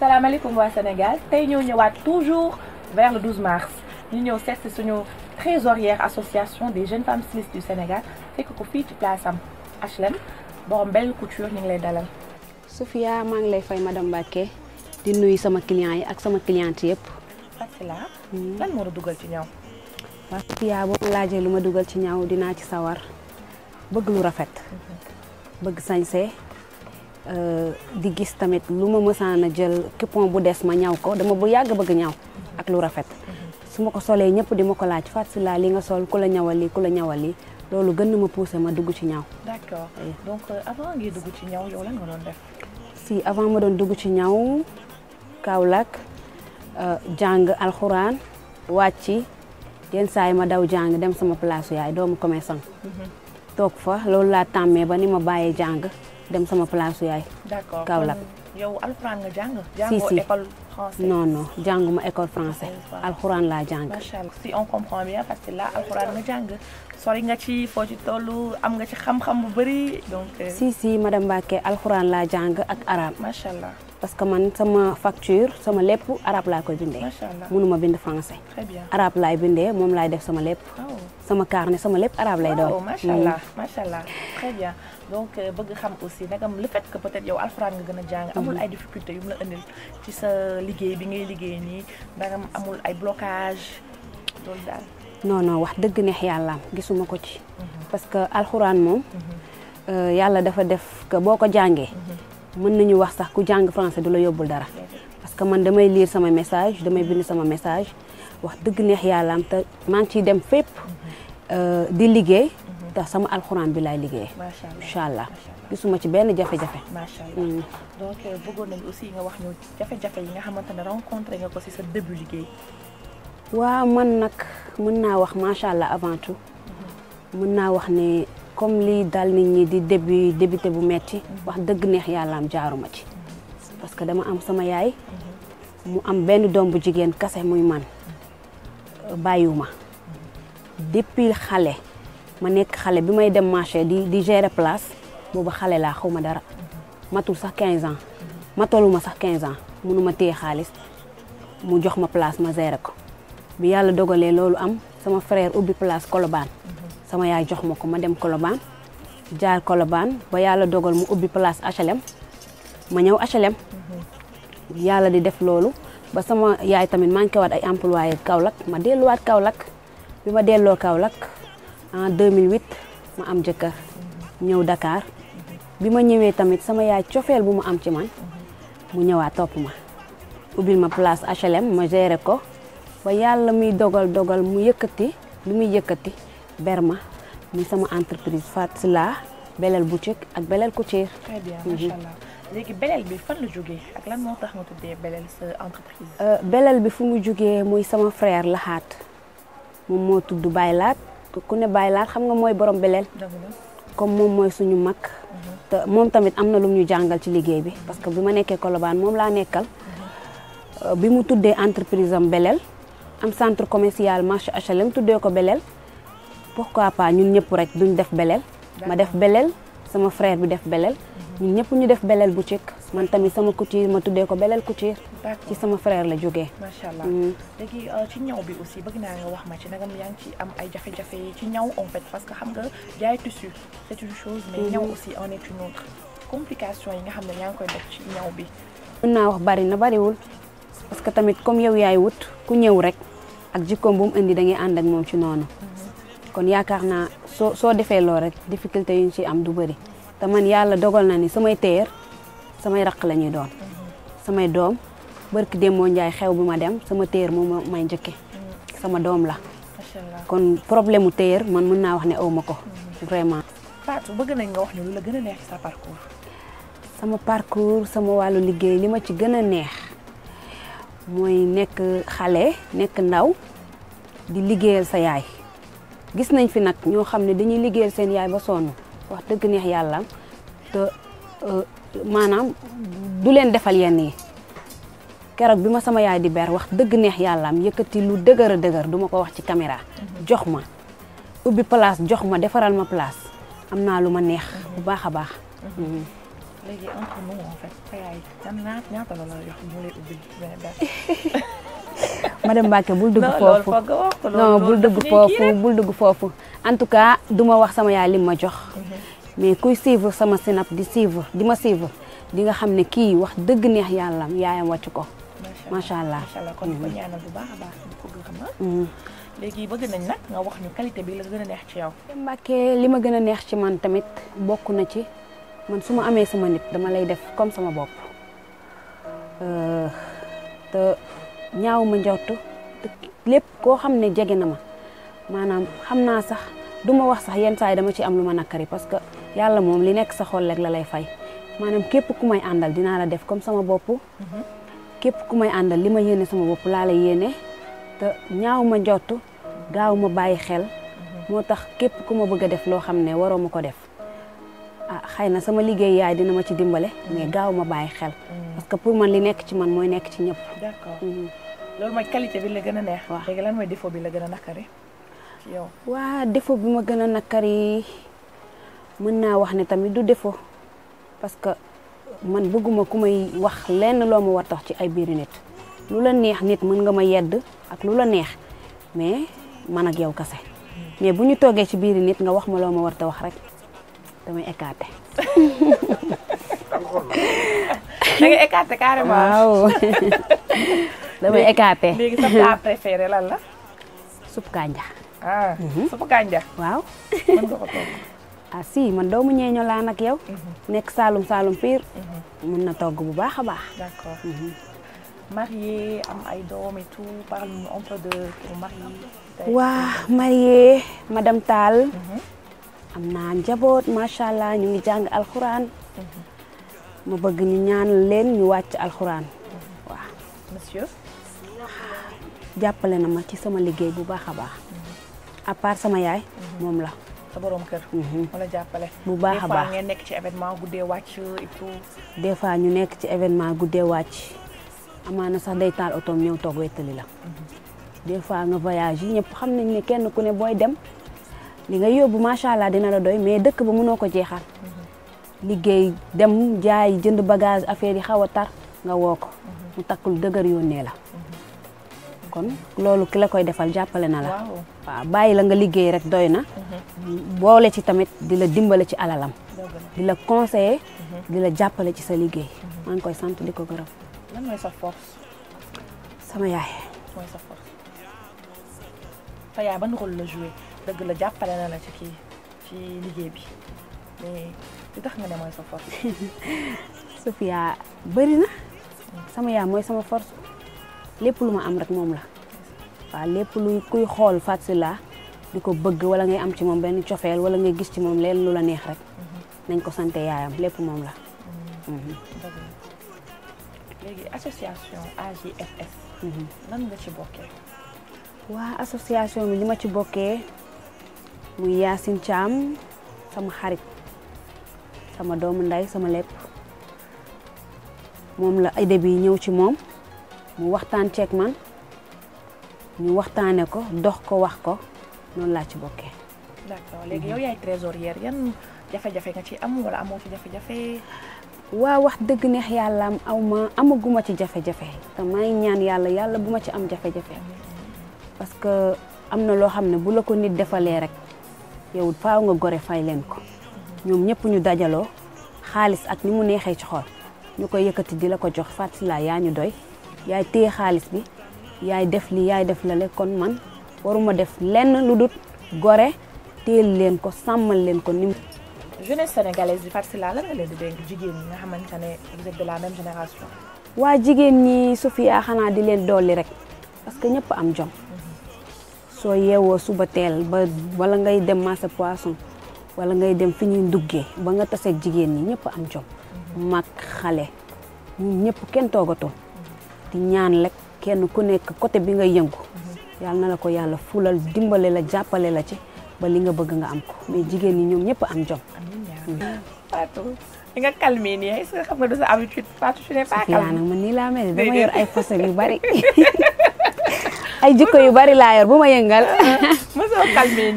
salaamaaleykum waa Sénégal tey ñëw ñëwaat toujours vers le mars ñu ñëw seet suñu trésorière association de jeunes femmes stylistes du Sénégal fekk ko fii ci place am HLM borom belle couture ñu lay dalal. Sophia maa ngi lay fay madame Mbacké di nuyu sama clients yi ak sama clientes yëpp. Fathila. Hmm. lan moo la dugal ci ñaw. waaw Sophia boo ma laajee lu ma dugal ci ñaw dinaa ci sawar. bëgg lu rafet bëgg sañse euh, di gis tamit lu ma mësaan a jël coupon bu des ma ñaw ko dama bu yàgg bëgg ñaw ak lu rafet su ma ko solee ñëpp di ma ko laaj faat si laa li nga sol ku la ñawal li ku la ñawal li loolu gën na ma poussé ma dugg ci ñaw. d'accord donc euh, dugg ci ñaw yow lan si avant ma doon dugg ci ñaw Kaolack euh, jàng alxuraan wàcc yenn saay ma daw jàng dem sama place yaay doomu commerçant. Mhm. toog fa loolu laa tàmmee ba ni ma bàyyee jàng dem sama place yaay. d'accord Kaolack yow alxuraan nga jàng. jàngoo école français non non jànguma école français. alxuraan laa jàng. macha si on comprend bien parce sori nga ci foo ci toll am nga ci xam-xam bu bëri donc. Euh, si si madame Mbacké alxuraan laa jàng ak arabe. macha parce que man sama facture sama lepp arabe laa koy bindee. macha allah mënuma bind français. très laay bindee moom laay def sama lépp. Oh. sama carnet sama lépp arabe lay doon. macha allah macha mm. allah euh, bëgg xam aussi nagam le fait que yow alxuraan nga gën a jàng. amul mm-hmm. ay difficultés yu mu la indil ci sa liggéey bi ngay liggéey nii nagam amul ay blocage loolu daal. wax dëgg neex yàllaam gisuma ko ci. Mm-hmm. parce que alxuraan moom. Mm-hmm. Euh, yàlla dafa def boo ko jàngee. mën nañu wax sax ku jàng français du la yóbbul dara. parce que man damay liir sama message damay bind sama message wax dëgg neex yàllaam te maa ngi ciy dem fépp. Euh, di liggéey. ndax sama alxuraan bi laay liggéey. macha allah gisuma ci benn jafe-jafe. macha allah mm. donc euh, aussi nga wax ñu jafe nga xamante ne rencontré nga ko ci sa début liggéey. waaw man nag mën naa wax macha allah avant tout. Mm-hmm. mën naa wax ne comme lii dal nit ñi di début débuté bu metti mm-hmm. wax dëgg neex yàlla am jaaruma ci. Mm-hmm. parce que dama am sama yaay. mu am benn doom bu jigéen kase muy man bàyyiwuma. depuis xale ma nekk xale bi may dem marché di di gérer place boobu xale laa xaw ma dara matul sax 15 ans mataluma sax quinze ans mënu ma téye xaalis mu jox ma place ma gérer ko bi yàlla dogalee loolu am sama frère ubbi place Colobane sama yaay jox ma ko ma dem Colobane jaar Colobane ba yàlla dogal ma ubbi place HLM ma ñëw HLM yàlla di def loolu ba sama yaay tamit manqué waat ay employé Kaolack ma delluwaat Kaolack bi ma delloo Kaolack en 2008 ma am jëkkër ñëw dakaar bi ma ñëwee tamit sama yaay cofeel bu mu am ci man mu ñëwaat topp ma ubbil ma place HLM ma gere ko ba yàlla muy dogal dogal mu yëkkati lu muy yëkkati berma muy sama entreprise Fatsila Belel boutique ak Belel Couture. très bien mhm. macha allah bi fan la jógee ak lan moo tax nga tuddee Belel euh, bi fu mu jógee muy sama frère Laxaat. moom moo tudd Baye Laat ku ne Baye Laat xam nga mooy borom beleel comme moom mooy suñu mag te moom tamit am na lu ñu jàngal ci liggéey bi parce que bi ma nekkee Colobane moom laa nekkal euh, bi mu tuddee entreprise am beleel am centre commercial marché HLM tuddee ko beleel pourquoi pas ñun ñëpp rek duñ def beleel ma def beleel sama frère bi def beleel ñun ñëpp ñu def beleel boutique man tamit sama couture ma tuddee ko belal couture. ci sama frère la jógee. macha allah mm. léegi euh, ci ñaw bi aussi bëgg naa nga wax ma ci nagam yaa ngi ci am ay jafe-jafe ci ñaw en parce que xam nga jaay tissu c'est une chose mais mm. ñaw aussi yi nga xam ne yaa ngi koy def ci ñaw bi. mën naa wax bari na bariwul parce que tamit comme yow yaay wut ku ñëw rek ak jikkoom bu mu indi da ngay ànd ak moom ci noonu. Mm-hmm. kon yaakaar naa soo soo defee lool rek difficulté yu ñu ci am du bëri te man yàlla dogal na ni samay teer. samay raq lañuy doon samay doom barki démb moo njaay xew bi ma dem sama téer moom may njëkke sama doom la kon problème mu téer man mun naa wax ne aw ma ko mhm. vraiment Fatou bëgg nañ nga wax la gën a neex sa parcours sama parcours sama wàllu liggéey li ma ci gën a neex mooy nekk xale nekk ndaw di liggéeyal sa yaay gis nañ fi nag ñoo xam ne dañuy liggéeyal seen yaay ba sonn wax dëgg neex yàlla te euh, maanaam du leen defal yenn yi keroog bi ma sama yaay di ber wax dëgg neex yàlla am yëkkati lu dëgër a dëgër duma ko wax ci caméra jox ma ubbi place jox ma defaral ma place am naa lu ma neex bu baax a baax. Mhm. léegi entre nous en fait sa bul dugg foofu bul dugg foofu bul dugg en tout cas du ma wax sama yaay lim ma jox. Mhm. mais kuy suivre sama Snap di suivre di ma suivre di nga xam ne kii wax dëgg neex yàlla yaayam wàcc ko. macha allah macha allah kon ko mm-hmm. bu baax a baax di ah. mm-hmm. léegi bëgg nañ nag nga wax ñu qualité bi a neex ci yow. Mbacké li ma gën a neex ci man tamit bokk na ci man su ma amee sama nit dama lay def comme sama bopp euh, te ñaaw ma njortu lépp koo xam ne jege na ma maanaam xam naa sax du ma wax sax yenn saa dama ci am lu ma nakkari parce que. yàlla moom li nekk sa xol rek la lay fay maanaam képp ku may àndal dinaa la def comme sama bopp mhm. képp ku may àndal li ma yéene sama bopp laa la yéene te ñaaw ma njott gaaw ma bàyyi xel mhm. moo tax képp ku ma bëgg a def loo xam ne waroo ko def ah xëy na sama liggéey yaay dina ma ci dimbale mhm. mais gaaw ma bàyyi xel parce que pour man li nekk ci man mooy nekk ci ñëpp d'accord loolu mooy qualité bi la gën a neex léegi lan mooy défaut bi la gën a nakari waa défaut bi ma gën a nakari mën naa wax ne tamit du défaut parce que man bëgguma ku may wax lenn loo ma war ci ay biir nit lu la neex nit mën nga ma yedd ak lu la neex mais man ak yow kase mais bu ñu toogee ci biir nit nga wax ma loo ma war wax rek damay écarté da nga écarté carrément waaw damay écarté léegi sa la sup kanja ah mhm. waaw ah si man doomu ñeeño laa nag yow. Mhm. nekk Saalum Saalum piir mhm. mun na togg bu baax a baax. d'accord mhm. marié am ay doom et tout parle-nous un peu de waa marié madame Tall. am naa njaboot macha allah ñu ngi jàng alxuraan. ma bëgg ñu ñaan leen ñu wàcc alxuraan. waaw jàppale na ma ci sama liggéey bu baax a baax. à part sama yaay. moom la. sa borom kër. Mhm. wala jàppale. bu baax a baax des fois ngeen nekk ci événement guddee wàcc et tout. des fois ñu nekk ci événement guddee wàcc amaana sax day taal otoom ñëw toog wettali la. Mhm. des fois nga voyage yi ñëpp xam nañ ne kenn ku ne booy dem li nga yóbbu macha allah dina la doy mais dëkk ba mënoo ko jeexal. Mhm. liggéey dem jaay jënd bagage affaire yi xaw a tar nga woo ko. mu takkul dëgër yónnee la. kon loolu ki la koy defal jàppale na la. bàyyi la nga liggéey rek doy na. Mhm. boole ci tamit di la dimbale ci alalam. di la conseiller. Mhm. di la jàppale ci sa liggéey. Mhm. maa ngi koy sant di ko gërëm. lan mooy sa force. sama yaay. mooy sa la jàppale na la ci liggéey bi mais li tax nga mooy sa force. na. sama yaay mooy sama force. lépp lu ma am rek moom la waaw lépp luy kuy xool Fatou Sylla di ko bëgg wala ngay am ci moom benn cofeel wala ngay gis ci moom leen lu la neex rek ko sante yaayam lépp moom la. Mm-hmm. léegi association AJFS. Mm-hmm. nan nga ci bokkee. waa association bi li ma ci bokkee muy Yacine Thiam sama xarit sama doomu ndey sama lépp moom la idée bi ñëw ci moom. mu waxtaan ceeg man ñu waxtaane ko dox ko wax ko noonu laa ci bokkee. d'accord léegi yow yaay trésorière yan jafe-jafe ci am wala jafe-jafe. waa wax dëgg neex yàlla am ma amaguma ci jafe-jafe te may ñaan yàlla yàlla bu ma ci am jafe-jafe mm-hmm. parce que am na loo xam ne bu la ko nit defalee rek yow faaw nga gore fay leen ko ñoom ñëpp ñu dajaloo xaalis ak ni mu neexee ci xool ñu koy yëkkati di la ko jox fàttali laa yaa ñu doy yaay téye xaalis bi yaay def li yaay def lale kon man waruma def lenn lu dut gore téel leen ko sàmmal leen ko ni jeunesse sénégalaise bi Fatou Sylla la nga jigéen ñi nga xamante ne vous génération waa jigéen ñi Sofia xanaa di leen dolli rek parce que ñëpp am jom soo yeewoo suba teel ba wala ngay dem marché poisson wala ngay dem fi ñuy duggee ba nga taseeg jigéen ñi ñëpp am jom mag xale ñun ñëpp kenn toogatoon di ñaan rek kenn ku nekk côté bi nga yëngu yàlla na la ko yàlla fulal dimbale la jàppale la ci ba li nga bëgg nga am ko mais jigéen ñi ñoom ñëpp am jom Fatou li nga calmé nii est-ce que xam nga man nii laa mel dama yor ay façon yu bari ay yu bari laa yor ma yëngal mosoo calmé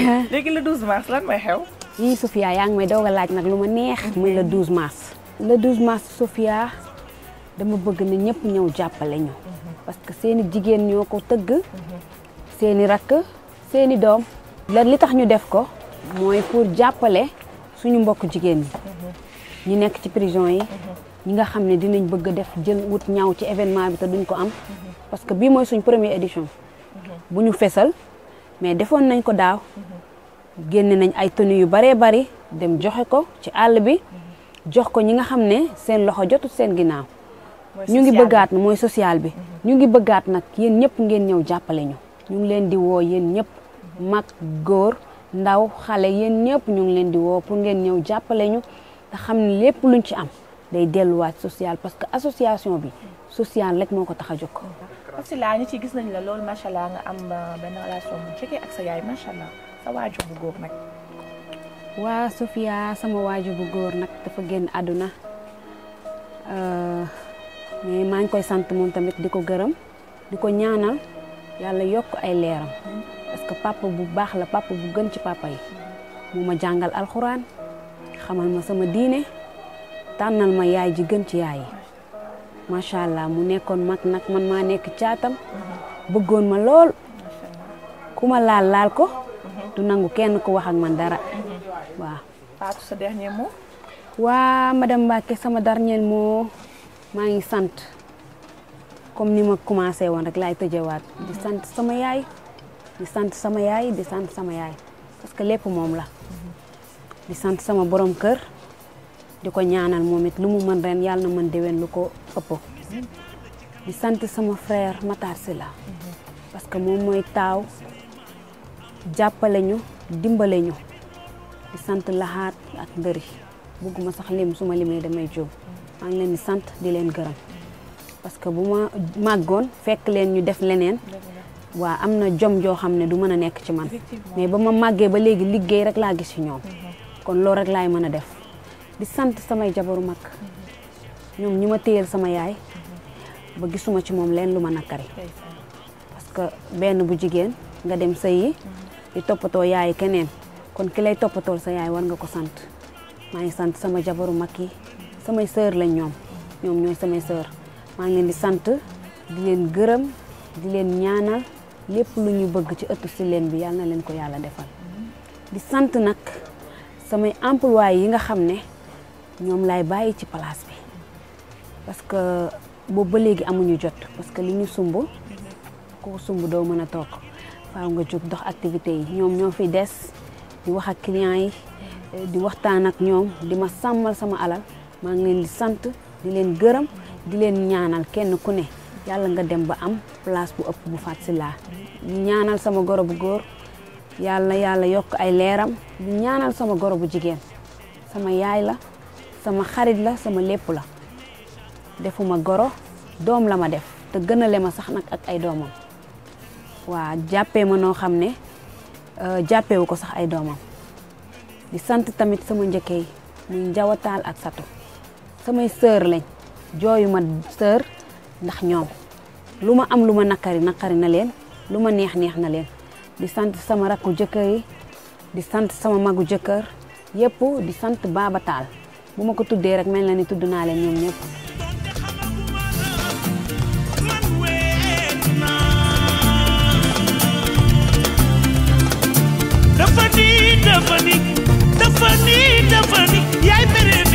le 12 mars lan mooy xew yii Sofia yaa ngi may daw a laaj nag lu ma neex muy le 12 mars le 12 mars Sofia dama bëgg na ñëpp ñëw jàppale ñu parce que seeni jigéen ñoo ko tëgg seeni rakk seeni doom la li tax ñu def ko mooy pour jàppale suñu mbokk jigéen ñi ñi nekk ci prison yi ñi nga xam ne dinañ bëgg def jël wut ñaw ci événement bi te duñ ko am parce que bii mooy suñ première édition bu ñu fesal mais defoon nañ ko daaw génne nañ ay tenues yu baree bari dem joxe ko ci àll bi jox ko ñi nga xam ne seen loxo jotul seen ginnaaw ñu ngi bëggaat mooy social bi mhm. ñu ngi bëggaat nag yéen ñëpp ngeen ñëw jàppale ñu ngi leen di woo yéen ñëpp mag góor ndaw xale yéen ñëpp ñu ngi leen di woo pour ngeen ñëw jàppale ñu xam ne lépp luñ ci am day delluwaat social parce que association bi social rek moo ko tax a jóg si laa ñu ci gis nañ la loolu macha am euh, benn relation bu jege ak sa yaay macha allah sa waa Sofia sama waajur bu góor nag dafa génn àdduna euh, mais maa ngi koy sant moom tamit di ko gërëm di ko ñaanal la yokk ay leeram parce que papa bu baax la papa bu gën ci papa yi mu ma jàngal alxuraan xamal ma sama diine tànnal ma yaay ji gën ci yaay yi macha allah mu nekkoon mag nag man maa nekk caatam bëggoon ma lool ku ma laal laal ko du nangu kenn ku wax man dara waa madame Mbacke sama dernier mot. maa ngi sant comme ni ma commencé woon rek laay tëjewaat di mhm. sant sama yaay di sant sama yaay di sant sama yaay parce que lépp moom la di sant sama borom kër di ko ñaanal moom it lu mu mën ren yàlla na mën déwén lu ko ëpp di sant sama frère Matar la mhm. parce que moom mooy taaw jàppale ñu dimbale ñu di sant laxaat ak ndëri bugguma sax lim su ma limee damay jóg maa ngi leen di sant di leen gërëm parce que bu ma màggoon fekk leen ñu def leneen waa am na jom joo xam ne du mën a nekk ci man mais ba ma màggee ba léegi liggéey rek laa gis ci ñoom mhm. kon loolu rek laay mën a def di sant samay jabaru mag mhm. ñoom ñi ma téyel sama yaay mhm. ba gisuma ci moom leen lu ma nakari parce que benn bu jigéen nga dem sëyi di toppatoo yaay keneen kon ki lay toppatool sa yaay war nga ko sant maa ngi sant sama jabaru mag yi samay sœur lañ ñoom ñoom ñooy samay sœur maa ngi leen di sant di leen gërëm di leen ñaanal lépp lu ñu bëgg ci ëttu si leen bi yàlla na leen ko yàlla defal di sant nag samay employé yi nga xam ne ñoom laay bàyyi ci place bi parce que boobu ba léegi amuñu jot parce que li ñu sumb ko sumb doo mën a toog faaw nga jóg dox activité yi ñoom ñoo fi des di wax ak clients yi di waxtaan ak ñoom di ma sàmmal sama alal maa ngi leen di sant di leen gërëm di leen ñaanal kenn ku ne yàlla nga dem ba am place bu ëpp bu Fatou Sylla ñaanal sama goro bu góor yàlla yàlla yokk ay leeram di ñaanal sama goro bu jigéen sama yaay la sama xarit la sama lepp la defuma goro doom la ma def te gënale ma sax nag ak ay doomam waa jàppe ma noo xam ne euh, jàppewu ko sax ay doomam di sant tamit sama njëkkee muy njawataal ak satu samay sœur lañ jooyu ma ndax ñoom lu ma am lu ma naqari naqari na leen lu ma neex neex na leen di sant sama rakku jëkkër yi di sant sama magu jëkkër yépp di sant Baba bu ma ko tuddee rek mel na ni tudd naa leen ñoom ñëpp dafa ni dafa ni dafa